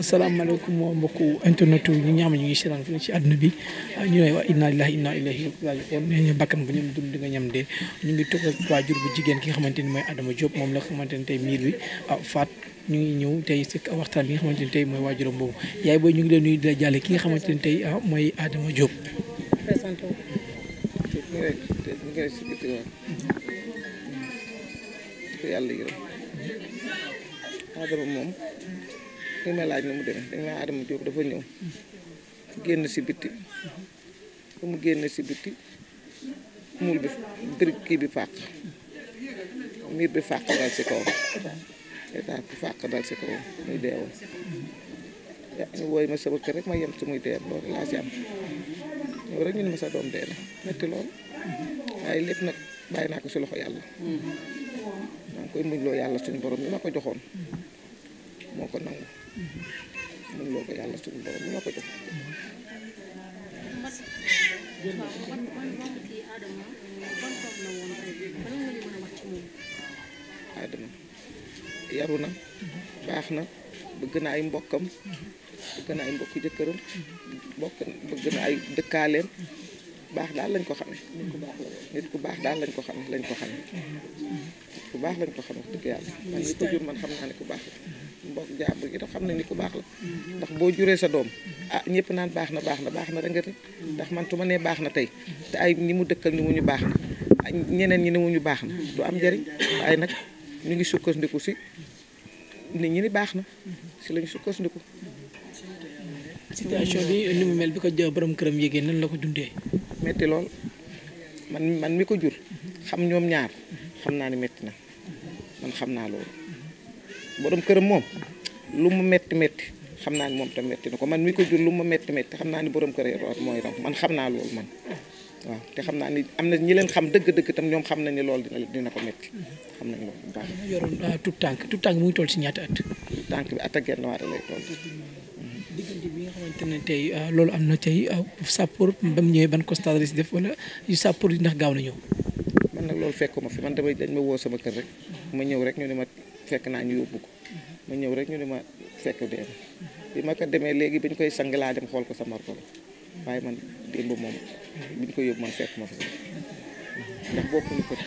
asalaamaaleykum mbokku internet ñi nga xam ne ñu ngi seetaan fii ci àdduna bi ñu ne waa inna lillahi inna ilayhi raaji'uun nee ñu bakkan bu ñam dund nga ñam de ñu ngi toog ak waajur bu jigéen ki nga xamante ni mooy Adama Diop moom la xamante ni tey miir bi ah, faat ñu ngi ñëw tey si waxtaan bi nga xamante ni tey mooy waajuram boobu yaay booy ñu ngi leen nuyu di la jàlle ki nga xamante ni tey ah, mooy Adama Diop. Adama moom. li ma laaj na mu demee dañ naa Adama Diop dafa ñëw génn si bitti ba mu génn si bitti muul bi birig kii bi fàq miir bi fàq dal si kawam état bi muy deewoo wooy ma sama kër rek ma yem si muy dee loolu laa si am ñëw rek ñu ne ma sa doom dee metti loolu waaye lépp nag bàyyi naa ko si loxo yàlla mm-hmm. maa ngi koy muñ yàlla suñu borom li ma ko joxoon moo ko nangu mën loo yàlla suñu borom moo ko jox adama yaru na baax na bëgg na ay mbokkam bëgg na ay mbokki jëkkëram mbokk bëgg na ay dëkkaaleen baax daal lañ ko xamee nit ku baax daal lañ ko xamee lañ ko xamee nit ku baax lañ ko xamee wax yàlla man li ko jur man xam naa ne ku baax mbokk jàmbur gi daf xam ku baax la ndax boo juree sa doom ah ñëpp naan baax na baax na baax na rek nga ndax man tu ma nee baax na tey te ay ñi mu dëkkal ni mu ñu baax na ñeneen ñi ni mu ñu baax na du am njëriñ waaye nag ñu ngi sukkandiku si nit ñi ni baax na si lañu sukkandiku situation bi ni mu mel bi ko jë borom këram yégee nan la ko dundee metti lool man man mi ko jur xam ñoom ñaar xam naa ni metti na man xam naa loolu borom këram moom lu mu métti métti xam naa ni moom tam métti na ko man mi ko jur lu mu métti te xam naa ni borom kër mooy raw man xam naa loolu man waaw te xam naa ni am na ñi leen xam dëgg-dëgg tam ñoom xam nañ ne loolu dina dina ko métti xam nañ loolu bu baax. yoroon euh, tout tànk tout tànk mu ngi si ñaata tànk bi at ak genn waare nga xamante ne tey euh, loolu am na tey euh, sàppóor ba ñëwee ban constat def wala yu yi ndax gaaw na ñëw. man nag loolu fekkuma fi man damay dañ ma woo sama kër rek ma ñëw rek ñu ne ma. fekk naa ñu yóbbu ko ma ñëw rek ñu ne ma fekk dee na bi ma ko demee léegi bi ñu koy sang laa dem xool ko sa marko la waaye man démb moom bi ñu koy yóbbu man fekk ma fa sax ndax bokkuñu kër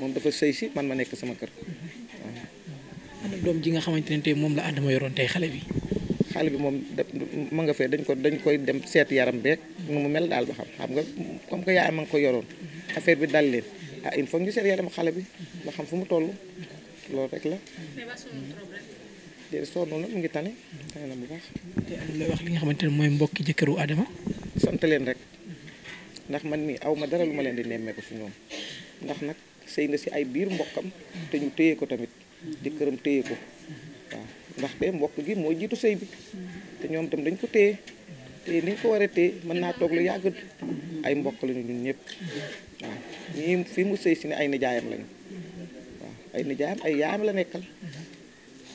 moom dafa sëy si man ma nekk sama kër doom ji nga xamante ne tey moom la Adama yoroon tey xale bi xale bi moom ma nga fee dañ ko dañ koy dem seet yaram beeg nu mu mel daal ba xam xam nga comme que yaay ma nga ko yoroon affaire bi dal leen ah il ñu seet yaram xale bi ba xam fu mu toll loolu rek la. mais ba suñu mu ngi tane. tane na bu baax. te wax li nga xamante ne mooy mbokki jëkkëru aadama sant leen rek ndax man mi aw ma dara lu ma leen di nemmee ko si ñoom ndax nag sëy na si ay biir mbokkam te ñu téye ko tamit. jëkkëram téye ko ndax ndaxte mbokk gi mooy jiitu sëy bi te ñoom tam dañ ko téye téye ni ñu ko war a mën naa toog lu yàgg ay mbokk lañu ñun ñëpp waaw ñii fii mu sëy si ne ay nijaayam lañu. ay nijaayam ay yaayam la nekkal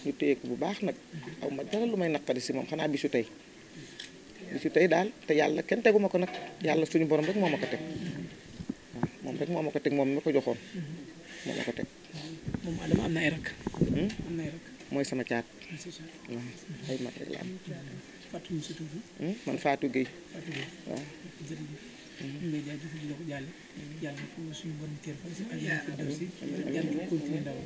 ñu téye ko bu baax nag aw ma dara lu may naqari si moom xanaa bisu tey bisu tey daal te yàlla kenn teguma ko nag yàlla suñu borom rek moo ma ko teg moom rek moo ko teg moom mi ko joxoon moo hmm? mooy sama caat. waaw ay mag rek la hmm? man Fatou Gueye waaw. ñu ngi lay jaay jëf di ko jàlle yàlla ko suñu bon teer fa si àjjana fi def si yàlla ko continuer ndaw